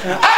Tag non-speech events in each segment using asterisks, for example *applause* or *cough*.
Ah!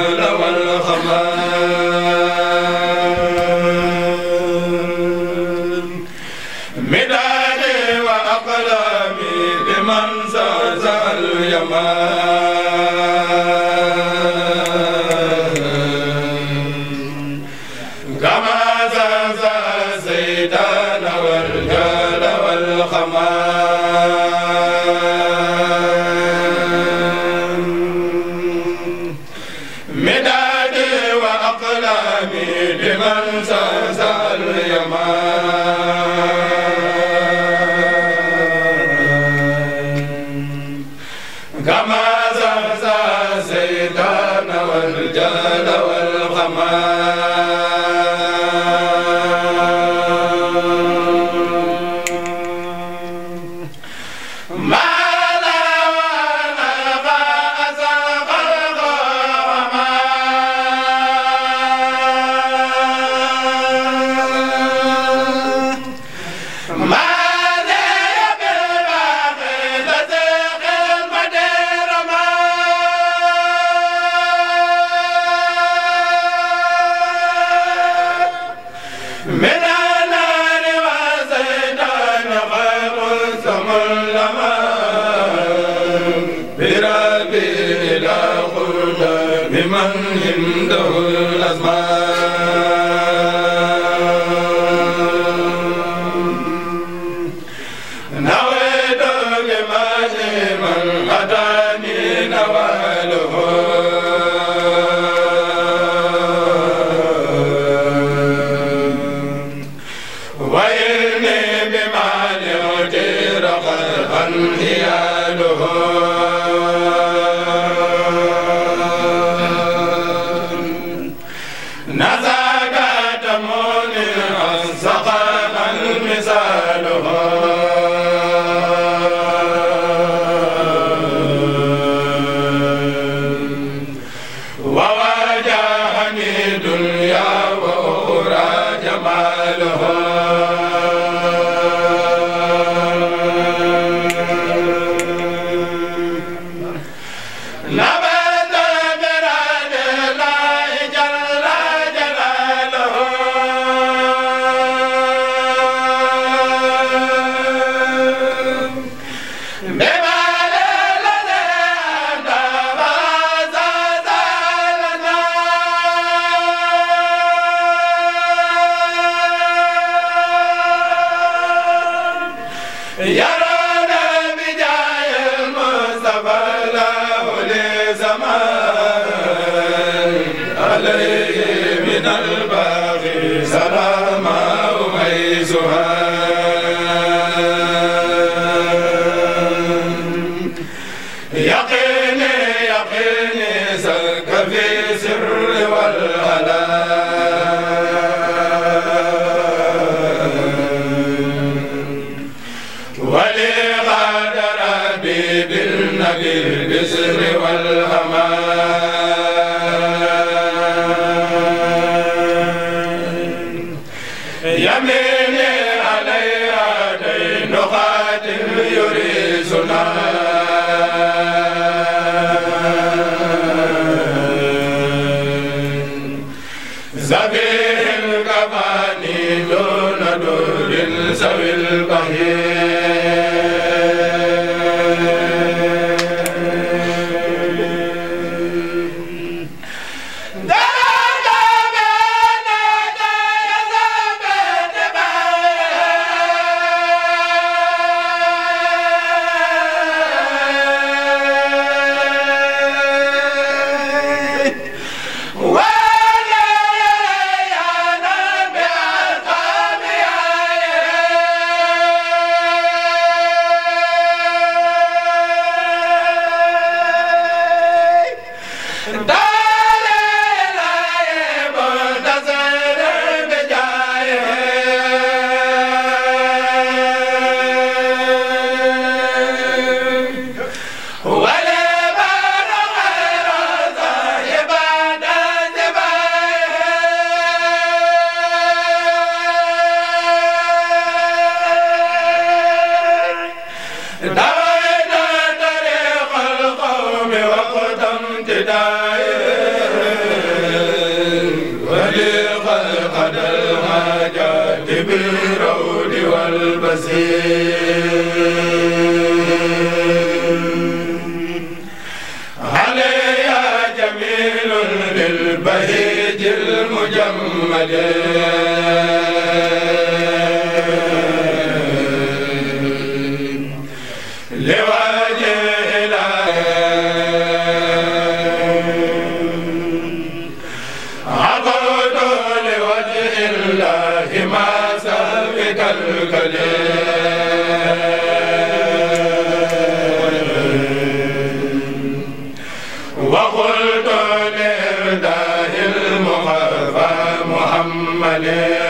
Hallelujah.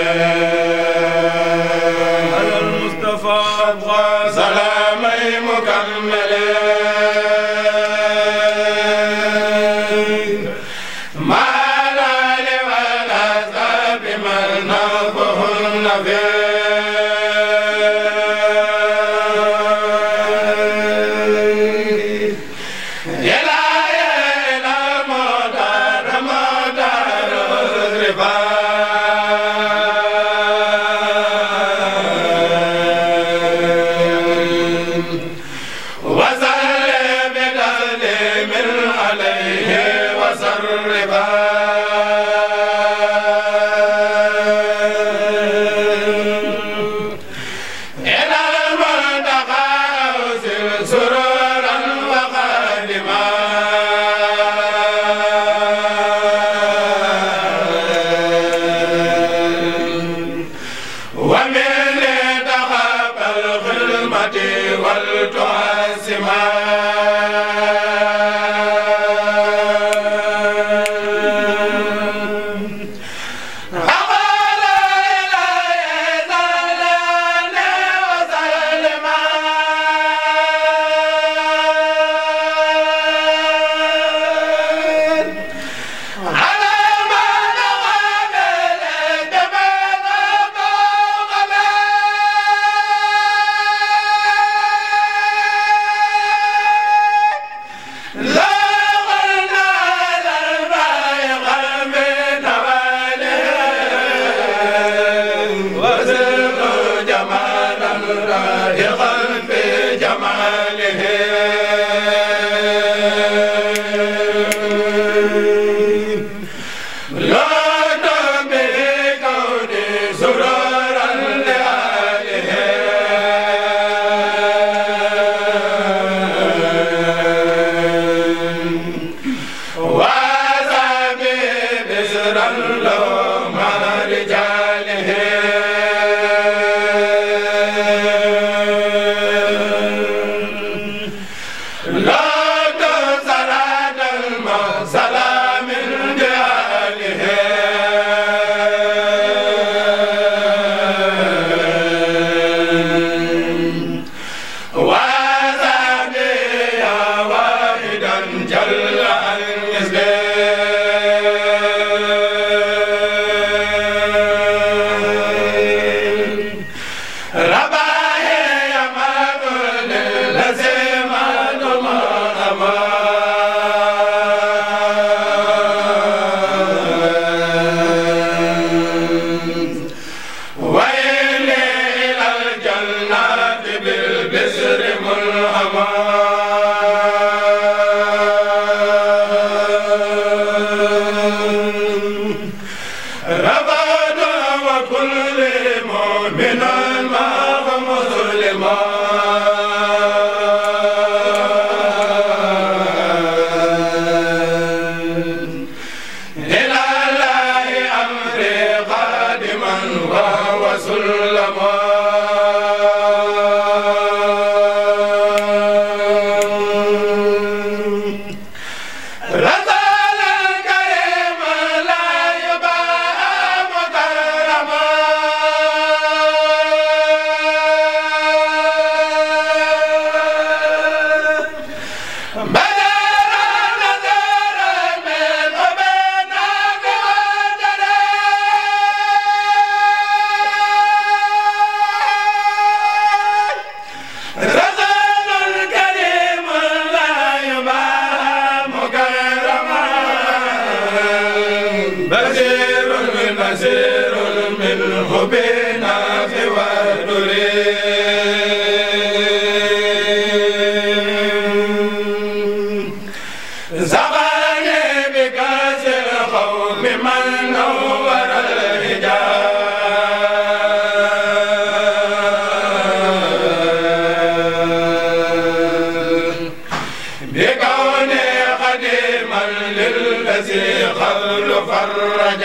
فرج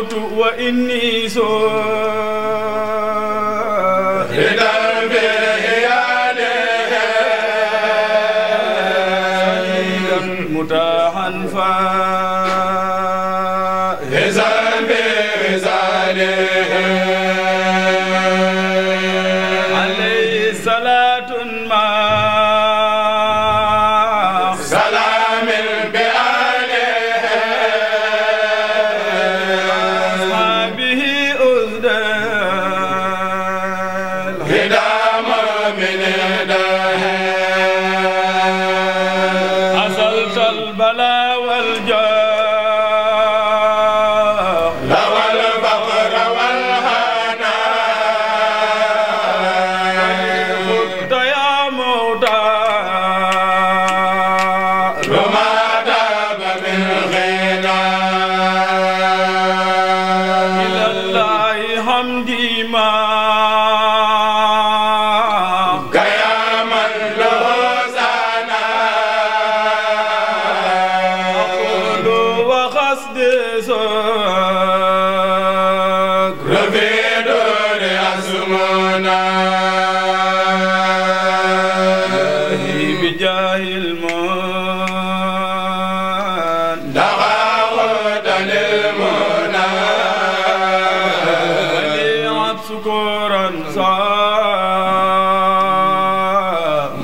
دعوت وإني سوء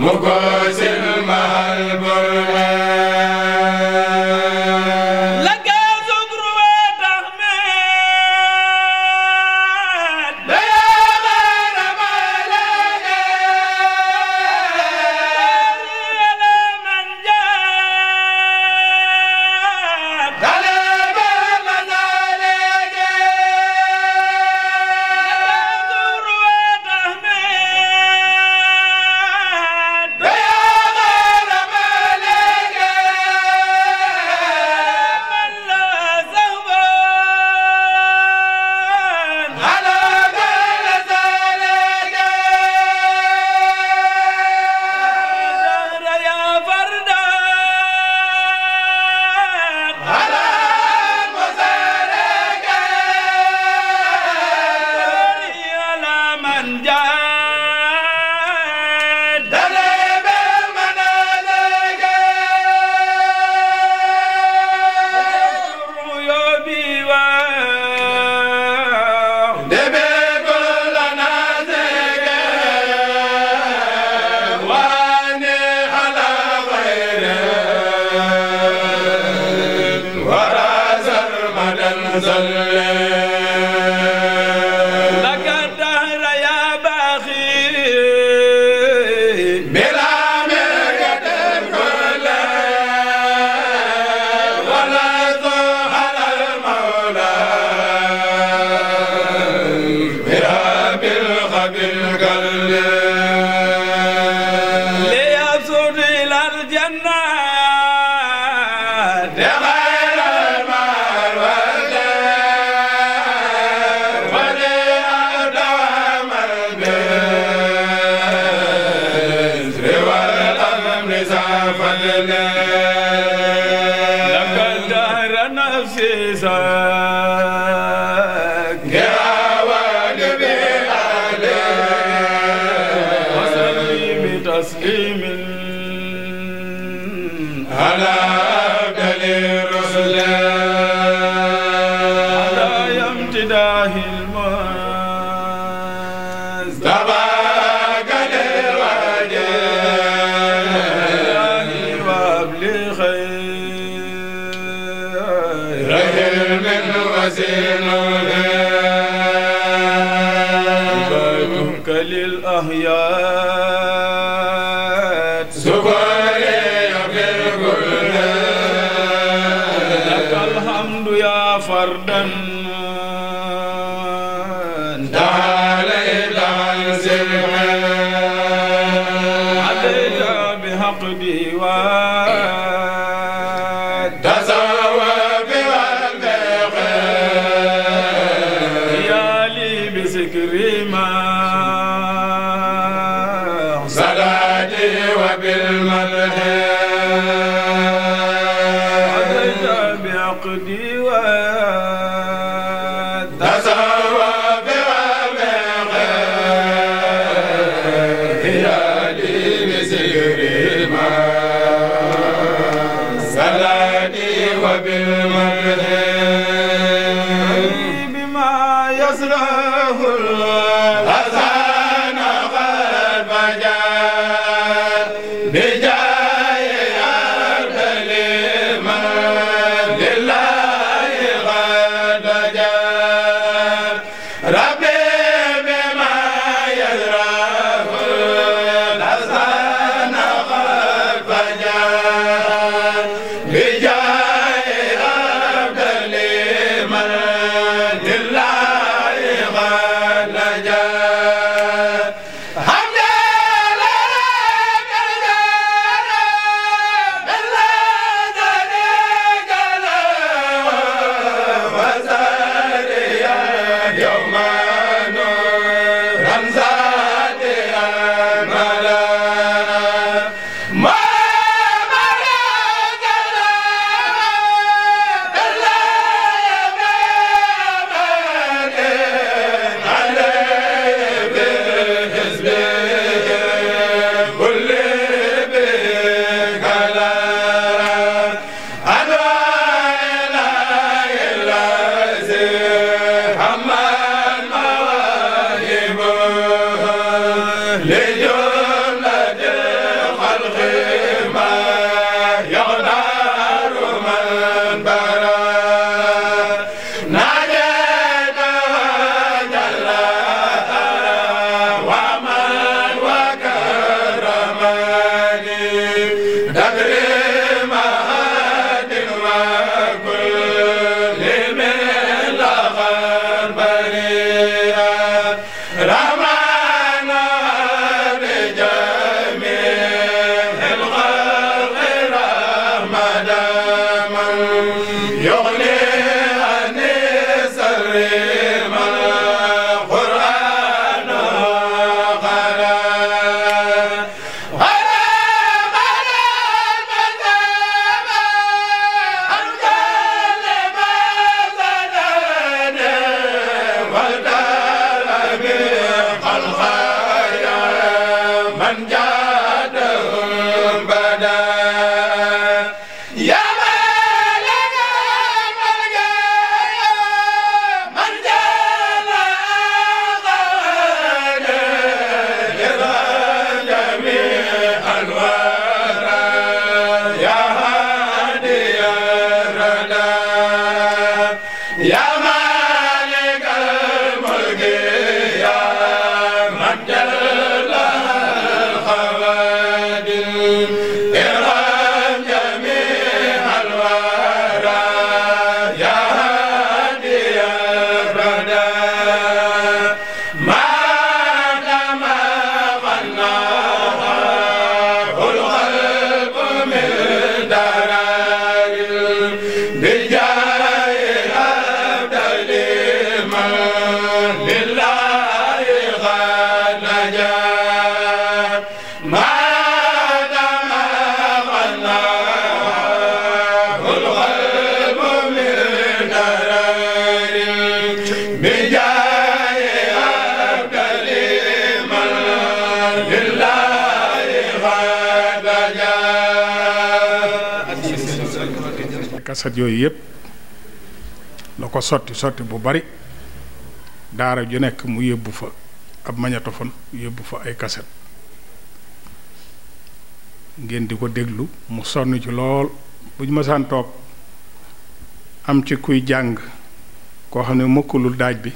mu ko بها ديوان sat yooyu yëpp la ko sotti sotti bu bari daara ju nekk mu yóbbu ab magnétophone yóbbu fa ay kaset ngeen di ko déglu mu sonn ci lool bu ñu mësaan toog am ci kuy jàng koo xam ne mëkkulul daaj bi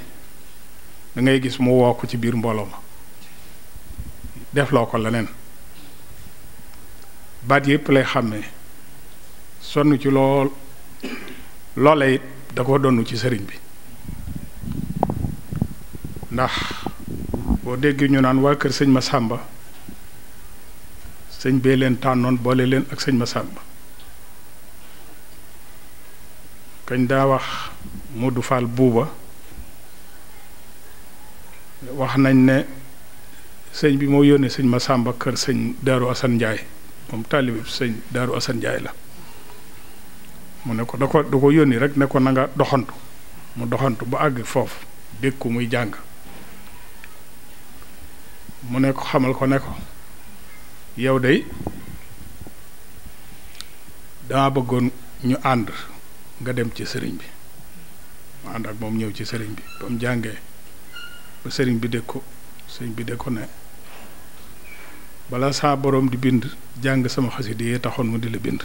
dangay gis mu woo ci biir mbooloo ma defloo ko leneen baat yépp lay xàmmee sonn ci lool loole it dakoo ko ci sëriñ bi ndax boo déggee ñu naan waa kër sëñ Masamba sëñ bee leen tànnoon boole leen ak sëñ ma Masamba kañ daa wax Modou Fall buuba wax nañ ne sëñ bi moo yónnee sëñ ma sàmba kër sëñ Daaru Asan Njaay moom taalibe sëñ Daaru Asan Njaay la mu ne ko da ko da ko yónni rek ne ko na nga doxantu mu doxantu ba àgg foofu dékku muy jàng mu ne ko xamal ko ne ko yow day damaa bëggoon ñu ànd nga dem ci sëriñ bi mu ànd ak moom ñëw ci sëriñ bi ba mu jàngee ba sëriñ bi dékku sëriñ bi dékku ne bala saa borom di bind jàng sama xasit yi taxoon mu di la bind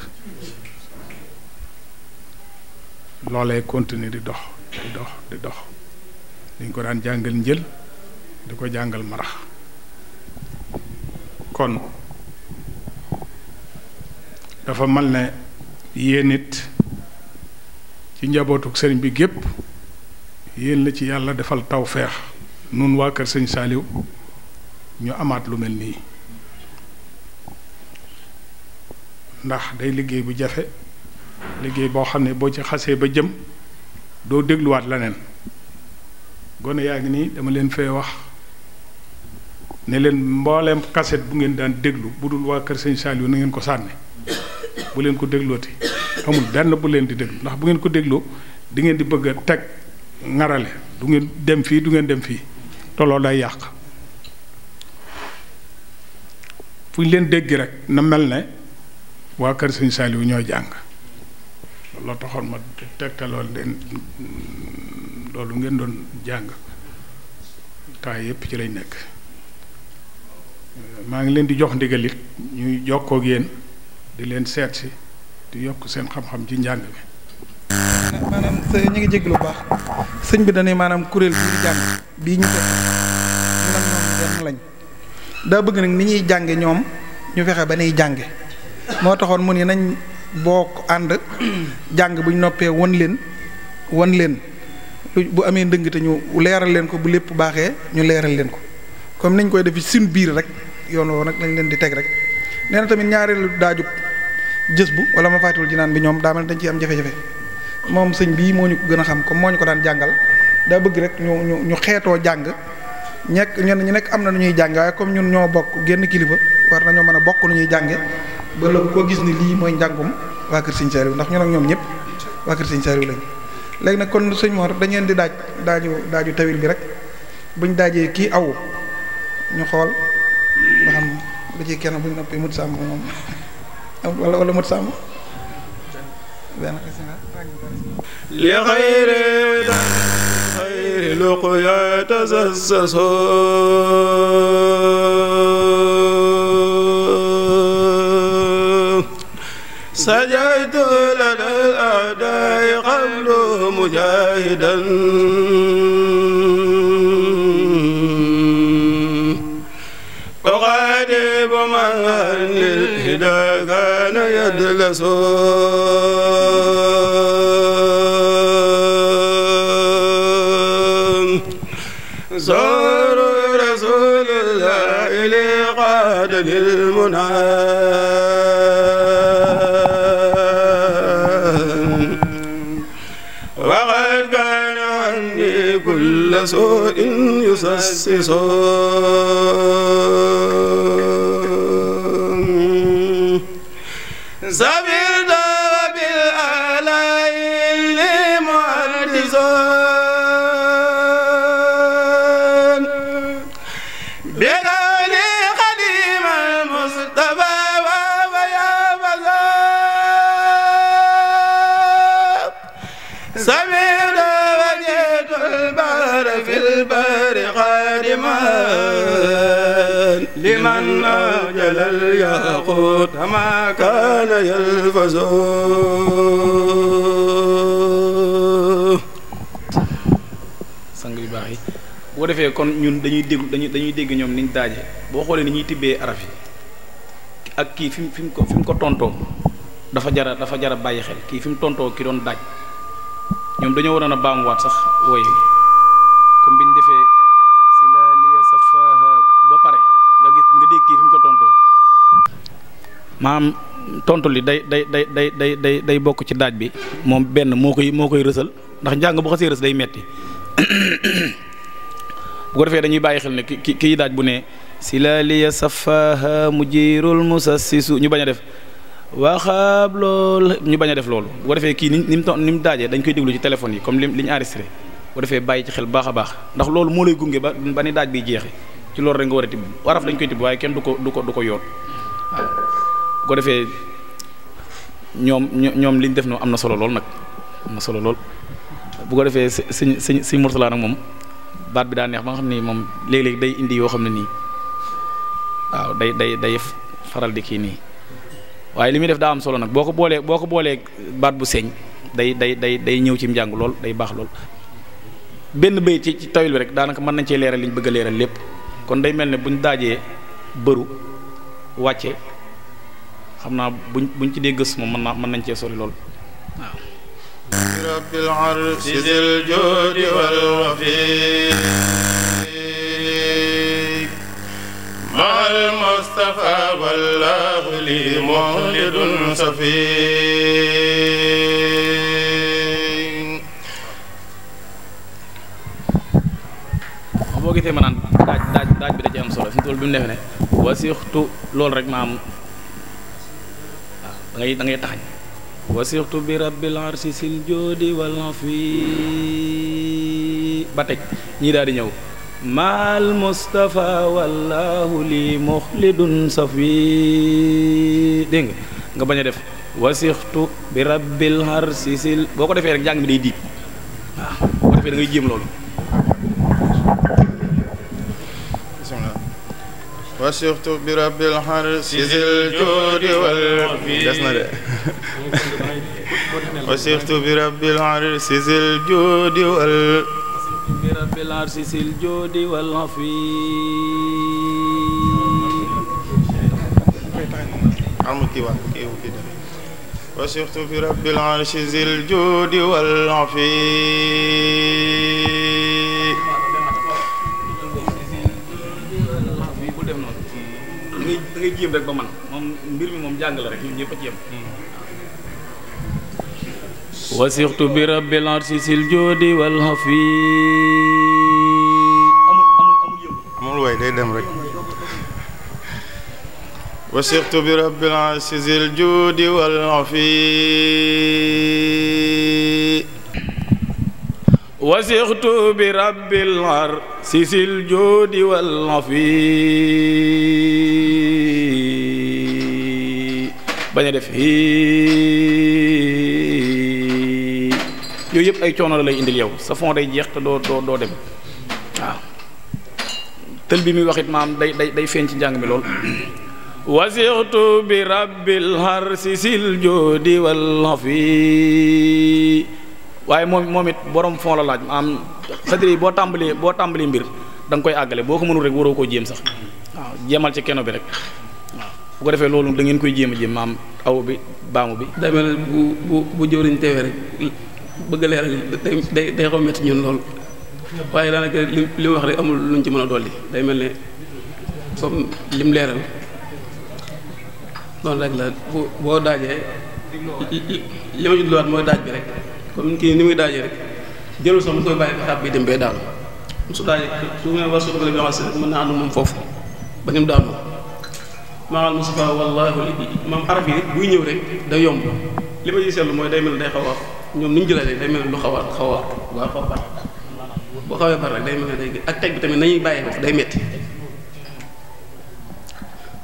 loolee continuer di dox di dox di dox dañ ko daan jàngal njël di ko jàngal marax kon dafa mel ne yéen nit ci njabootuk sëriñ bi gépp yéen la ci yàlla defal tawfeex feex nun waa kër sëñ Saaliw ñu amaat lu mel nii ndax day liggéey bu jafe liggéey boo xam ne boo ci xasee ba jëm doo dégluwaat leneen gone yaa ngi nii dama leen fee wax ne leen mbooleem kaset bu ngeen daan déglu bu dul waa kër sëñ Saliou na ngeen ko sànni *coughs* bu leen ko dégloo déglooti amul benn bu leen di déglu ndax bu ngeen ko dégloo di ngeen di bëgg a teg ngarale du ngeen dem fii du ngeen dem fii tolloo day yàq fu ñu leen dégg rek na mel ne waa kër sëñ Saliou ñooy jàng la taxon ma tegtaloon leen lolou ngeen don jang temps yep ci lay nek ma ngi len di jox ndigal it ñuy jokkoo ak yéen di len seet si di yok seen xam-xam ci jang bi. manam sey ñi ngi jégg lu baax señ bi dañuy manam kurel bi jang bi ñu def lañ daa bëgg nak ni ñi jàngé ñom ñu fexé ba ñuy jàngé mo taxon mu ni nañ. boo ko ànd jàng bu ñu noppee won leen won leen bu amee ndëng te ñu leeral leen ko bu lépp baaxee ñu leeral leen ko comme nañ koy defi sin biir rek yoon woo nag lañ leen di teg rek nee na tamit ñaareelu daajub jës bu wala ma faatiwul ji naan bi ñoom daa mel dañ ciy am jafe-jafe moom sëñ bii moo ñu gën a xam comme moo ñu ko daan jàngal daa bëgg rek ñu ñu ñu xeetoo jàng ñekk ñenn ñu nekk am na nu ñuy jàng waaye comme ñun ñoo bokk genn kilifa war nañoo mën a bokk nu ñuy jànge ba koo gis ni lii mooy njàngum waa kër sëñ Saaliw ndax ñu ak ñoom ñëpp waa kër sëñ Saaliw lañ léegi nag kon sëñ Mor dañ di daaj daaju daaju tawil bi rek buñ daajee kii aw ñu xool nga xam da ci kenn buñ noppee mut sàmm moom *laughs* wala wala mut sàmm li xayri سجدت لنا الأعداء قبل مجاهدا أغادب من للهدى كان يدلس زار رسول الله لقاد المنى so in so. Zabirda على الياقوت كما كان يلفظ sang yu baax yi boo defee kon ñun dañuy dégg dañuy dañuy dégg ñoom niñ daaje boo xoolee ni ñuy tibbee araf ak kii fi mu ko fim ko tonto dafa jara dafa jara bàyyi xel kii fi mu ki doon daaj ñoom dañoo waroon a baamuwaat sax wooy maam tontu li day day day day day day day bokk ci daaj bi moom benn moo koy moo koy rësal ndax njàng bu xasee rës day metti *coughs* bu ko defee dañuy bàyyi xel ne ki kii daaj bu ne si la liya safaha mujirul musassisu ñu bañ a def waxaab lool ñu bañ a def loolu bu ko defee kii ni mu ni mu daaje dañ koy déglu ci téléphone yi comme li li ñu enregistré bu ko defee bàyyi ci xel baax a baax ndax loolu moo lay gunge ba ba ni daaj biy jeexee ci loolu rek nga war a tibb dañ koy tibb waaye kenn du ko du ko du ko yoon bu ko defee ñoom ñoom liñ def noo am na solo lool nag am solo lool bu ko defee sëñ sëñ sëñ Mourtala nag moom baat bi daa neex ba nga xam ni moom léeg-léeg day indi yoo xam ne nii waaw day day day faral di kii nii waaye li muy def daa am solo nag boo ko boolee boo ko boolee baat bu seeñ day day day day ñëw ci njàng lool day baax lool benn béy ci ci tawil bi rek daanaka mën nañ cee leeral li ñu bëgg a leeral lépp kon day mel ne buñ ñu daajee bëru wàcce xam naa buñ buñ ci dee gës moom mën nañ cee sori lool waaw رب العرش ذي الجود والوفي مع المصطفى والله لي مولد صفي boo gisee bi da ci am solo fi ne rek ma am da ngay da ngay taxañ wasixtu bi rabbil arsi sil joodi wal fi ba teg ñii daal di ñëw maal mustafa wallahu li muxlidun safi dégg nga nga bañ a def wasixtu bi rabbil arsi sil boo ko defee rek jàng mi day diib waaw boo ko defee da ngay loolu وسقت *laughs* برب الحرس ذي الجود والعفيف وسقت برب العرس ذي الجود وال برب العرس ذي الجود والعفيف وسقت برب العرش ذي الجود والعفيف a ci yem wasixtu bi rabbil arsi sil joodi wal xafi amul wasixtu bi rabbil ar sisil joodi wal afi bañ a def hii yooyu yëpp ay coono la lay indil yow sa fond day jeex te doo doo doo dem waaw tël bi muy waxit maam day day feeñ ci njàng mi lool wasixtu bi rabbil har sisil joodi wal waaye moom moom it borom fond la laaj am xëtër yi boo tàmbalee boo tàmbalee mbir danga koy àggale boo ko mënul rek waroo koo jéem sax waaw jéemal ci keno bi rek waaw bu ko defee loolu dangeen koy jéem a jéem maam aw bi baamu bi. day mel bu bu bu jëwriñ teewee rek bëgg leeral day day xaw metti li li wax rek amul luñ ci mën a dolli day mel ne comme lim leeral loolu rek la boo daajee li ma judduwaat mooy daaj bi rek. comme kii ni muy daajee rek jëlul sax mu koy bàyyi ba xaab bi dem daal daanu su daajee su ma war suuf rek mën naa ànd moom foofu ba ni mu daanu maaxal Mustafa wallaahu maam xaraf yi buy ñëw rek day yomb li ma ciy seetlu mooy day mel day xaw ñoom ni ñu jëlalee day mel lu xaw a xaw a waa boo xawee bar rek day mel day ak teg bi tamit nañuy bàyyi foofu day metti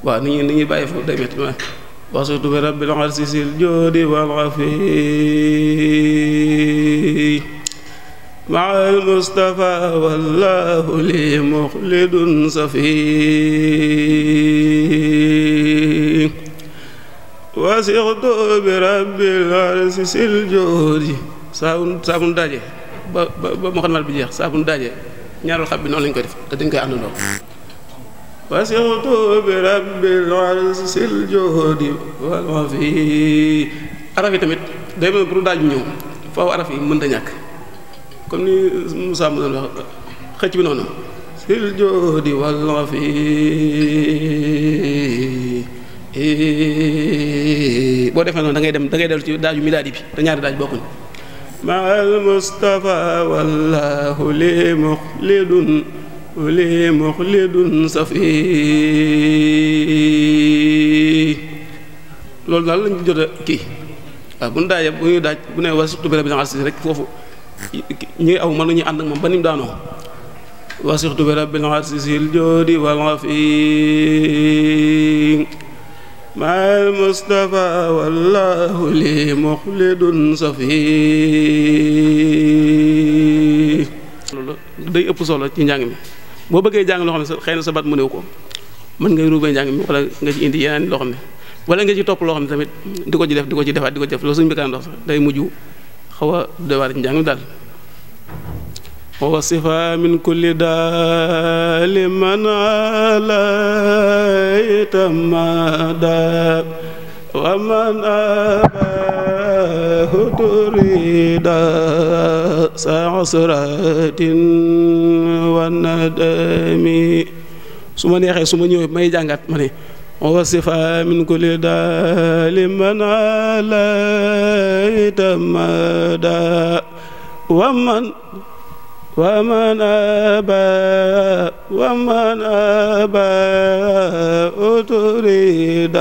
waaw ni ñuy ni ñuy bàyyi foofu day metti واسكت برب العرسيس الجودي والغفي مع المصطفى والله لي مخلد صفي واسكت برب العرسيس الجودي صابون صابون داجي ba ba ba mo xamal bi jeex sa bu ndaje ñaarul xab وسعت برب العرش الجهد والوفي araf yi tamit day mel pour daaj ñëw foofu araf yi mënta ñàkk comme ni Moussa mu doon wax xëcc bi noonu sil jodi wal wafi boo defee noonu da ngay dem dangay ngay dellu ci daaju milaadi bi te ñaari daaj bokkuñ ma al Mustafa wallahu li muxlidun ولي مخلد صفي لول دال lañ jotta ki bu ndaaje bu ñu daaj bu ne wasatu bi rabbil asis rek fofu ñi aw man ñu and ak mom banim daano wasatu bi rabbil asis al jodi wal afi مع المصطفى والله لي مخلد صفي day ëpp solo ci njàng mi boo bëggee jàng loo xam ne sa xëy na sa bat mu néew ko mën ngay ruubee njàng mi wala nga ci indi yeneen loo xam ne wala nga ci topp loo xam ne tamit di ko ci def di ko ci defaat di ko ci def loolu suñu bëggaan dox sax day mujj xaw a dewaat njàng mi daal wa sifa min kulli daali man alaytamada wa man aba له تريد سعسرة والندم سوما نيخي سوما نيوي ماي جانغات وصفا من كل دال من على تمدا ومن ومن أبى ومن أبى أتريد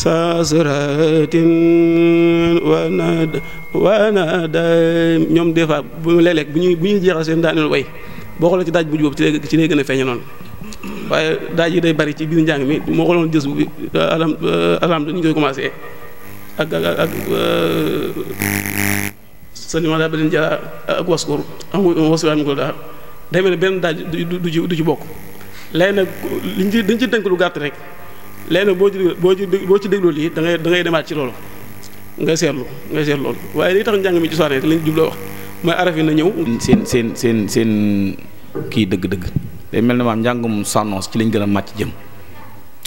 sasratin wanad wanada ñoom des fois bu léeg-léeg bu ñuy bu ñuy jeexal seen daaneel way boo xoolee ci daaj bu jub ci lay ci lay gën a feeñe noonu waaye daaj yi day bari ci biir njàng mi moo xooloon jës bi alam alam dañu koy commencé ak ak ak salima daa baleen jara ak ko daal day mel ne benn daaj du ci bokk léegi nag liñ ci dañ ci tënk lu gàtt rek léegi bo ci bo ci bo ci dégloo li da ngay da ngay demat ci lolu nga seetlu nga seetlu lolu waye li tax jang mi ci soirée lañ djublo wax moy araf yi na ñew sen sen sen sen ki deug deug day mel maam jangum sànnoos ci lañ gëna match jëm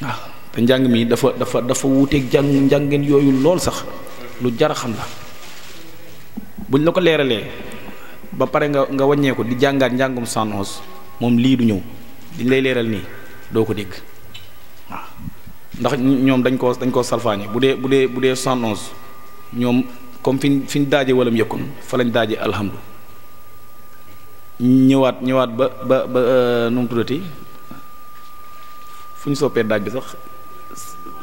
ah te jang mi dafa dafa dafa wuté jang njàngeen yooyu lool sax lu jar xam la buñ la ko léralé ba paré nga nga wàññee ko di jangat jangum sanos mom li du ñew di lay léral ni do ko deg ndax ñoom dañ ko dañ koo salfaañe bu dee bu dee bu dee 71 ñoom comme fi ñu fi ñu daaje walam yëkkoon fa lañu daaje alhamdu ñëwaat ñëwaat ba ba ba euh, nu tuddati fu ñu soppee daaj bi sax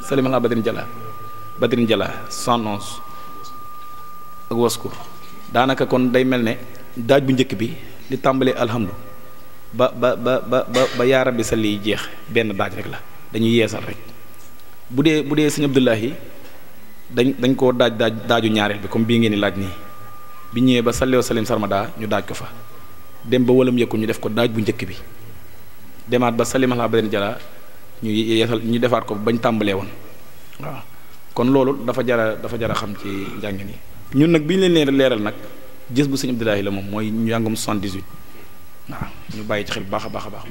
salimalaa badrin jala badrin jala 111 ak waskur daanaka kon day mel ne daaj bu njëkk bi li tàmbalee alhamdu ba ba ba ba ba yaara bi sa lii jeex benn daaj rek la dañuy yeesal rek bu dee bu dee sëñ Abdullahi dañ dañ koo daaj daaj daaju ñaareel bi comme bii ngeen di laaj nii bi ñëwee ba salleew salim sarmada ñu daaj ko fa dem ba walam yëkku ñu def ko daaj bu njëkk bi demaat ba salim ala baden jala ñu yeesal ñu defaat ko bañ tàmbalee woon waaw kon loolu dafa jara dafa jara xam ci njàngin yi ñun nag bi ñu leen leeral nag gis bu sëñ Abdullahi la moom mooy njàngum 78 waaw ñu bàyyi ci xel baax a baax a baax